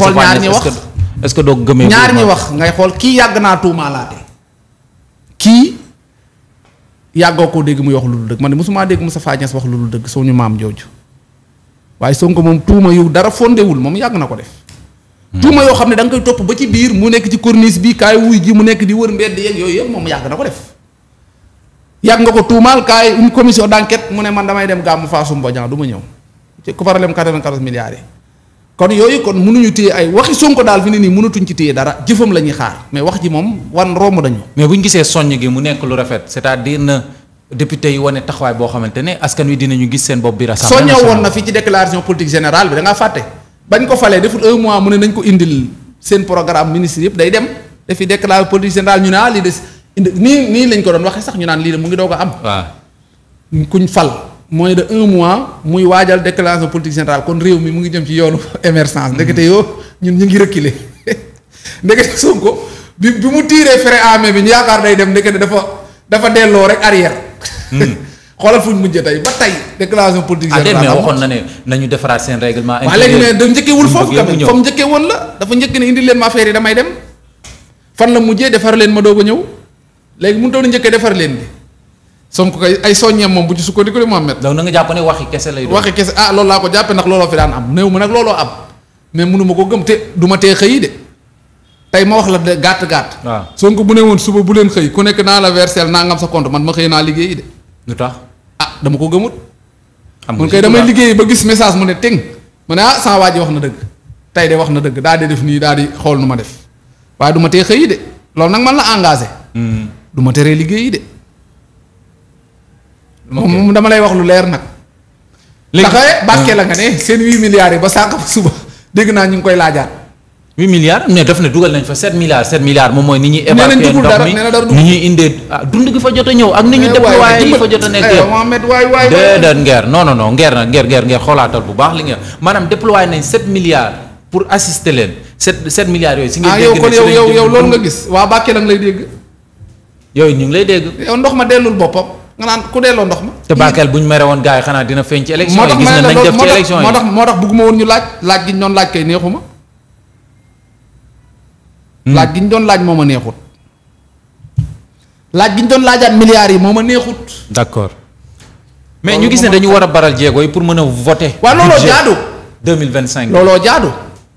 xool ñaar ñi wax est-ce que doo gëmee ñaar ñi wax ngay xool kii yàgg naa tuumaalaate kii yàggoo ko dégg muy wax lu dul dëgg man dégg mosuma sa Moustapha Niasse wax lu dul dëgg soo ñu maam jooju waaye Sonko moom tuuma yu dara fondewul moom yàgg na ko def. Hmm. tuuma yoo xam ne da koy topp ba ci biir mu nekk ci corniche bi kaay wuy ji mu nekk di wër mbedd yeeg yooyu yëpp moom yàgg na ko def. yàgg nga ko tuumaal kaay une commission d'enquête mu ne man damay dem gàmmu Fassou Mbodian du ma ñëw ci ko problème kon yooyu kon mënuñu téye ay waxi Sonko daal fi ne nii mënatuñ ci téye dara jëfam la xaar mais wax ji moom wan romb nañu. mais bu ñu gisee soññ gi mu nekk lu rafet c'est-à-dire na député yi wane taxawaay boo xamante ne askan wi dinañu gis seen bopp bi assemblée nationale. soññoo woon na fi ci déclaration politique générale bi danga ngaa fàtte bañ ko falee deful un mois mu ne nañ ko indil seen programme ministre yëpp day dem dafi déclaration politique générale ñu ne ah lii de nii nii lañ ko doon waxee sax ñu naan lii de mu ngi doog a am. waaw fal. moins de un mois muy waajal déclaration politique générale kon réew mi mu ngi jëm ci yoonu émergence ndekete yoo ñun ñu ngi reculer ndekete Sonko bi bi mu tiiree fere à bi ñu yaakaar day dem ndekete dafa dafa delloo rek arrière. Hmm. xoolal fu ñu mujjee tey ba tey déclaration politique générale mais waxoon na ne nañu defaraat seen règlement intérieur. waaw léegi ne da njëkkeewul foofu tamit njëkkee woon la dafa njëkk ne indi leen ma affaire yi damay dem fan la mujjee defar leen ma doog a ñëw léegi mënut a njëkkee defar leen Sonko kay ay soññeem moom bu ci sukkandiku li Mohamed. donc na nga jàpp ne waxi kese lay doon waxi kese ah loolu laa ko jàppee ndax looloo fi daan am néew ma nag looloo am mais mënu ma ko gëm te du ma tee xëy de tey ma wax la de gàtt gàtt. waaw bu ne woon suba bu leen xëy ku nekk naa la versel nangam sa compte man ma xëy naa liggéeyi lu tax ah dama ko gëmut. am na kay damay liggéey ba gis message mu ne teng mu ne ah saa waa ji wax na dëgg tey de wax na dëgg daal di def nii daal di xool nu ma def waaye du ma tee xëy de loolu nag man la engagé. Hmm. du ma teree liggéeyi de moom dama lay wax lu leer nag. léegi ndax eh, bàkkee ah. la nga ne seen huit milliards yi ba sànq ba suba dégg naa ñu ngi koy laajaat. huit milliards mais daf ne dugal nañ fa set milliards sept milliards moom mooy ni ñuy. évacuer ndox mi ni ñuy indee ah, dund gi fa jot a ñëw ak ni ñu eh, def waaye yi fa jot a nekk yëpp eh, déedéet ngeer non non non ngeer nag ngeer ngeer ngeer xoolaatal bu baax li nga maanaam déployé nañ sept milliards pour assister leen sept sept milliards yooyu. si ngeen ah, yow loolu nga gis waa bàkkee la nga yooyu ñu ngi lay dégg. ndox ma dellul boppam nga naan ku delloo ndox ma. te Bakel bu ñu mere woon yi xanaa dina feeñ ci élection yi gis nañ nañ def ci élection yi moo tax moo tax bëgguma woon ñu laaj laaj gi ñu doon laaj kay neexuma hmm. doon laaj moo ma neexut. laaj gi ñu doon laajaat milliards yi moo ma neexut. d'accord mais ñu gis ne dañu war a baral jéego yi pour mën a voter. waaw looloo jaadu 2025 looloo jaadu.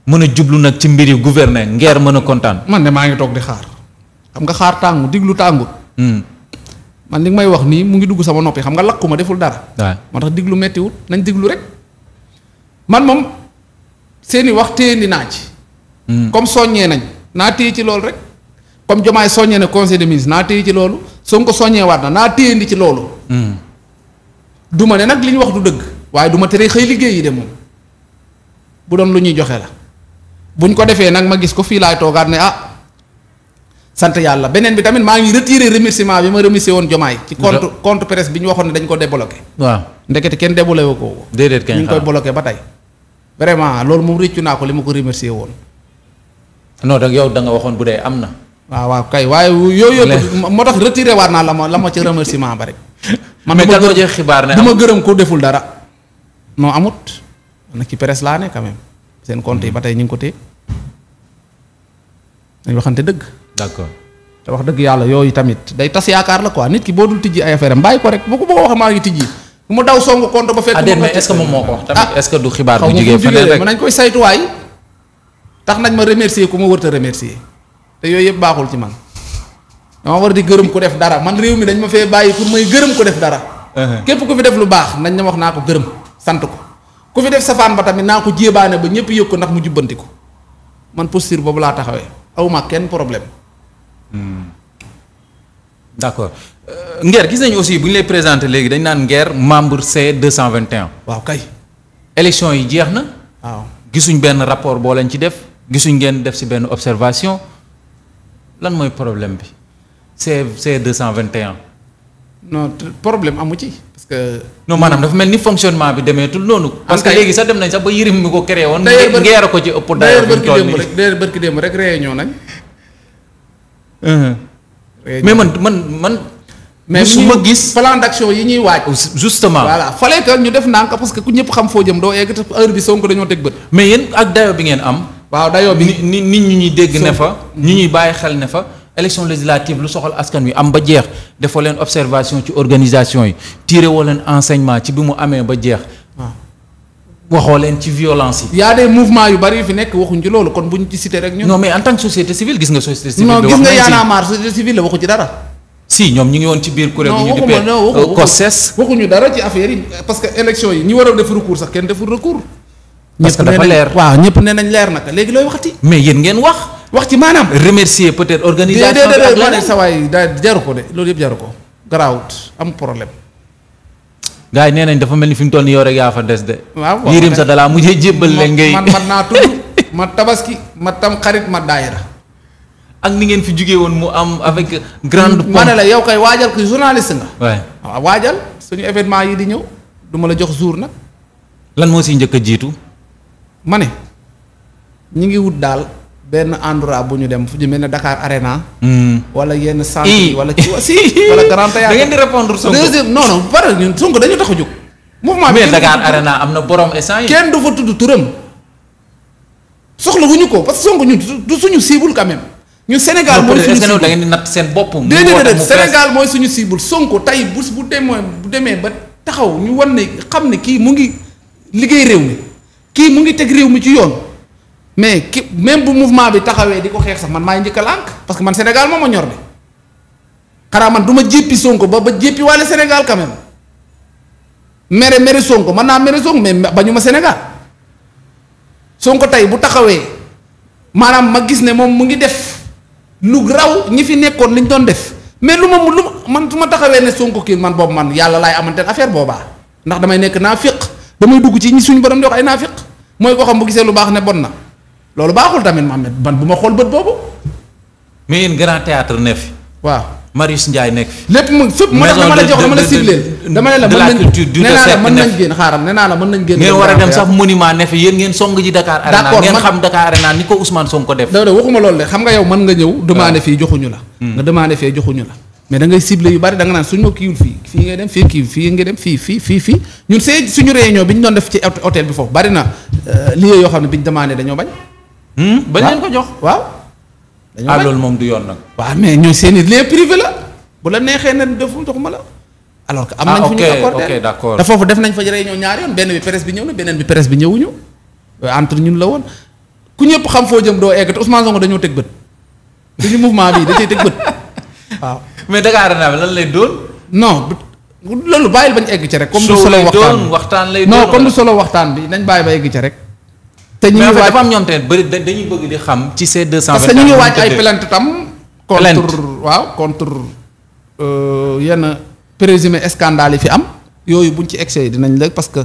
mën a jublu nag ci mbir yi gouverner ngeer mën a kontaan. man de maa ngi toog di xaar xam nga xaar tàngu diglu tàngut. Hmm. man li nga may wax nii mu ngi dugg sama noppi xam nga lakkuma deful dara. waaw moo tax diglu méttiwul nañ diglu rek man moom seeni wax téyendi naa ci. Hmm. comme soññee nañ naa téye ci loolu rek. comme Jomaay soññee ne conseil des ministres naa téye ci loolu Sonko soññee waat na naa ci loolu. Hmm. du ma ne nag li ñu wax du dëgg waaye du ma tere xëy liggéey yi de moom bu doon lu ñuy joxe la buñ ko defee nag ma gis ko fii laay toogaat ne ah. sant yàlla beneen bi tamit maa ngi retiré remerciement bi ma remercier woon Jomaay. ci compte compte presse bi ñu waxoon ne dañ ko kenn débloqué wu ko. déedéet kañ ah. ba tey. vraiment loolu moom réccu naa ko li ma ko remercier woon. non donc yow da nga waxoon bu dee am na. waaw kay waaye yooyu moo tax retiré waat naa la ma la ma ci remerciement ba rek. man mais kan jeex xibaar ne du ma gërëm ko deful dara. non amut na ci presse laa ne quand seen compte yi ba tey ñu ngi ko téye dañ waxante dëgg. d'accord te wax dëgg yàlla yooyu tamit day tas yaakaar la quoi nit ki boo dul tijji ay affaire am bàyyi ko rek bu ko bëgg a wax maa ngi tijji mu daw songu compte ba fekk. Ah, que moom moo ko wax tamit ah, est-ce que tax nañ ma remercier ku ma wërta remercier te yooyu yëpp baaxul ci man dama war di gërëm ku def dara man réew mi dañ ma fee bàyyi pour may gërëm ku def dara. Uh-huh. képp ku fi def lu baax nañ ma wax naa ko gërëm sant ko ku fi def safaan ba tamit naa ko jéebaane ba ñëpp yëg ko ndax mu jubbanti ko man posture boobu laa taxawee awma kenn problème Hmm. d' accord euh, Nguer gis nañu aussi bu ñu lay présenté léegi dañ naan Nguer membre C221. waaw kay. élection yi jeex na. waaw gisuñ benn rapport boo leen ci def gisuñ ngeen def si benn observation lan mooy problème bi C C221. non problème amu ci. parce que. non maanaam dafa mel ni fonctionnement bi demeetul noonu. Ah, parce que léegi sax dem nañ sax ba yërim mi ko créé woon. Nguer a ko ci ëpp. d'ailleurs bërki démb rek réunion nañ. Uh-huh. mais man man man. mais su ma gis plan d'action yi ñuy waaj. Oh, justement voilà fallait que ñu def ndànk parce que ku ñëpp xam foo jëm doo egg te heure bi Sonko dañoo teg bët. mais yéen ak dayo bi ngeen am. waaw dayo bi ni nit ñi ñuy dégg ne fa. ñu ñuy bàyyi xel ne fa. élection législative lu soxal askan wi am ba jeex defoo leen observation ci organisation yi tiré woo leen enseignement ci bi mu amee ba jeex. waxoo leen ci violence yi. y a des yu bari fi nekk waxuñ ci loolu kon buñ ci cité rek ñun. non mais en nga société a marre société civile la waxu dara. si ñoom ñu ngi woon ci biir kuréel gi ñu dippee COSES waxuñu dara ci affaire yi parce que élection yi ñi war a def recours sax kenn deful recours. parce que dafa leer waaw ñëpp nee nañ leer naka léegi looy waxati. mais yéen ngeen wax. wax ci maanaam. remercier peut-être organisation. ak leneen déedéet jaru ko de loolu yëpp jaru ko garaawut am problème. gars yi nee nañ dafa mel ni fi mu toll nii yow rek yaa fa des de. waaw waaw yërim sa dalaa mujjee jébbal leen ngay man man naa tudd ma tabaski ma tam xarit ma daayira ak ni ngeen fi jugee woon mu am avec grande pompe ma ne la yow kay waajal ko journaliste nga. waaw waajal suñu événement yi di ñëw du la jox jour nag. lan moo si njëkk a jiitu. ma ne ñu ngi wut daal. benn endroit bu ñu dem fu ñu mel ne Dakar Arena. Hmm. wala yenn centre yi wala ci si. wala Grand Théâtre da ngeen di répondre Sonko deuxième non non dañu tax a jóg. mouvement bi Dakar Arena am na borom essence. kenn du fa tudd turam soxla wuñu ko parce que Sonko ñun suñu cible quand ñu Sénégal mooy suñu cible da ngeen di natt seen bopp. mu déedéet Sénégal mooy suñu cible Sonko tey bu bu demee bu demee ba taxaw ñu wan ne xam ne kii mu ngi liggéey réew mi kii mu ngi teg réew mi ci yoon. mais ki même bu mouvement bi taxawee di ko xeex sax man maay njëkk a lànk parce que man Sénégal moom ma ñor de xanaa man du ma jéppi Sonko ba ba jéppi wàlle Sénégal kame même mere mere Sonko man naa mere Sonko mais bañu ma Sénégal Sonko tey bu taxawee maanaam ma gis ne moom mu ngi def lu raw ñi fi nekkoon liñ doon def mais lu ma lu ma man su ma taxawee ne Sonko kii man boobu man yàlla laay amanteel affaire boobaa ndax damay nekk naa ba damay dugg ci ñi suñu borom di wax ay naa fiq mooy ko xam bu gisee lu baax ne bon na. loolu baaxul tamit Mohamed ban bu ma xool bët boobu. mais yéen grand théâtre ne fi. waaw Marius Ndiaye nekk fi. lépp mu fépp mu ne dama la jox dama la cibleel. dama ne la mën nañ nee naa la mën nañ génn xaaral nee naa la mën nañ génn. ngeen war a dem sax monument ne fi yéen ngeen song ji Dakar Arena. d'accord ngeen xam Dakar Arena ko Ousmane Sonko def. waxuma loolu de xam nga yow mën nga ñëw. demandé fii joxuñu la. Hmm. nga demandé fee joxuñu la. mais da ngay yu bari da nga naan suñu ngay dem fii kiiwul fii ngay dem fii fii fii fii ñun see suñu réunion bi ñu doon def ci hôtel bi foofu bari na euh, lieu ñu demandé dañoo bañ Hmm? bañ leen ko jox waaw. dañoo ah loolu moom du yoon nag. waaw mais ñooy seen i lieu privé la bu la neexee ne deful jox ma la. alors que am nañ ah, fu ñu accordé d'accord te foofu def nañ fa réunion ñaari yoon benn bi presse bi ñëw na beneen bi presse bi ñëwuñu euh, entre ñun la woon ku ñëpp xam foo jëm doo egg te Ousmane Sonko dañoo teg bët suñu mouvement bi da cee teg bët waaw. mais Dakar Arena bi lan lay doon. non loolu bàyyil bañ egg ci rek. comme du solo waxtaan waxtaan lay doon non comme du solo waxtaan bi nañ bàyyi ba egg rek. te ñu ngi waaj dafa am ñoom tamit bëri di xam ci ces deux cent vingt ay plainte tam. contre waaw contre euh, yenn présumé scandale yi fi am yooyu buñ ci excès dinañ la parce que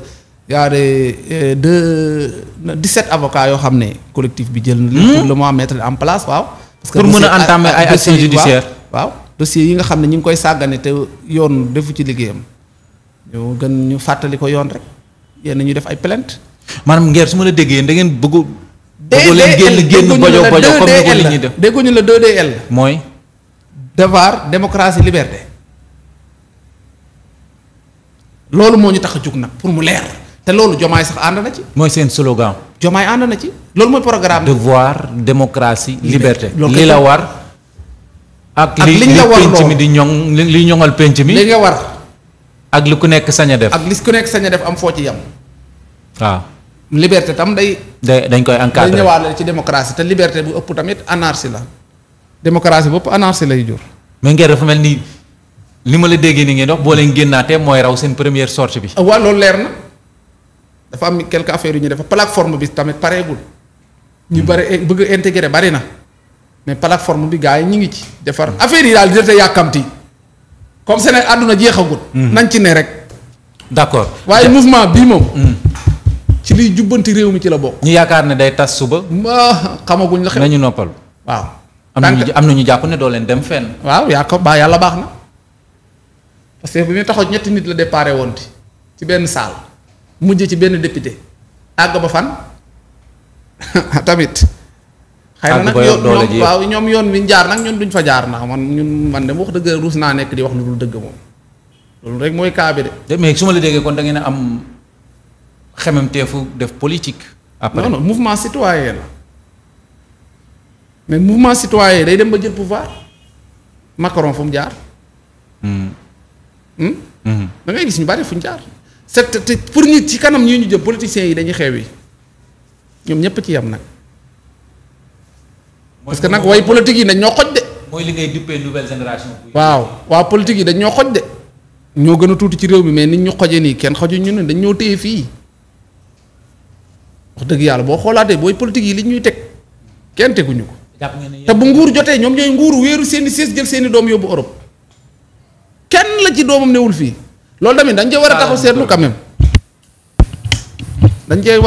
y de des euh, deux dix-sept avocats yoo xam ne collectif bi jël na leen. Hmm? pour le moment mettre en place waaw. parce que pour mën a entamer ay action judiciaire waaw dossier yi nga xam ne ñu ngi koy sàggane te yoon defu ci liggéeyam ñu gën ñu fàttali ko yoon rek yenn ñu def ay plainte maanaam ngeer su ma la déggee da ngeen bëggu. bëggu leen génn génn bojo bojo comme ni ko li ñuy def dégguñu la 2DL la mooy. devoir démocratie liberté. loolu moo ñu tax a jug nag pour mu leer te loolu jomaay sax ànd na ci. mooy seen slogan. jomaay ànd na ci loolu mooy programme. devoir démocratie liberté. li la war ak li li penc mi di ñoŋ li ñoŋal penc mi. li nga war. ak li ku nekk sañ a def. ak li ku nekk sañ a def am foo ci yam waaw. liberté tam day. dañ koy encadré day ñëwaale ci démocratie te liberté bu ëpp tamit anarchie la démocratie bopp anarchie lay jur. mais ngeen dafa mel nii li ma la déggee ni ngeen wax boo leen génnaatee mooy raw seen première sortie bi. waaw loolu leer na dafa am quelque affaire yu ñu def plateforme bi tamit pareegul ñu hmm. bare eh, bëgg intégré bari na mais plateforme bi gars yi ñu ngi ci defar affaire yi daal di def yàkkamti comme seen àdduna jeexagut. Hmm. nañ ci ne rek. d'accord waaye mouvement ci liy jubbanti réew mi ci la bokk. ñu yaakaar ne day tas suba. xamaguñ la xew nañu noppal. waaw. am na ñu am na ñu jàpp ne doo leen dem fen waaw yaa ko ba yàlla baax na parce bi bu ñu taxaw ñetti nit la déparé woon ci benn saal mujj ci benn député àgg ba fan tamit. xëy na nag ñoom waaw ñoom yoon wi jaar nag ñun duñ fa jaar ndax man ñun man de wax dëgg ruus naa nekk di wax lu dul dëgg moom loolu rek mooy cas de. mais su ma la déggee kon da am. xememteefu def politique. après non non mouvement citoyen la mais mouvement citoyen day dem ba jël pouvoir Macron fu mu jaar. Hmm. Hmm? Hmm. da ngay gis ñu bari fu ñu jaar. c'est te pour ñu ci kanam ñi ñu jëm politiciens yi dañuy xew yi ñoom ñëpp ci yam nag. parce que nag way politique yi dañ ñoo xoj de. mooy li ngay duppee nouvelle génération. waaw waaw politique yi dañ ñoo xoj de. ñoo gën a tuuti ci réew mi mais nit ñu xojee nii kenn xoju ñu ne dañ ñoo téye fii. wax dëgg yàlla boo xoolaatee booy politique yi li ñuy teg kenn teguñu ko. te bu nguur jotee ñoom ñooy nguur wéeru seen i sées jël seen i doom yóbbu Europe kenn la ci doomam néwul fii loolu tamit dañ cee war a taxaw seetlu quand même dañ cee war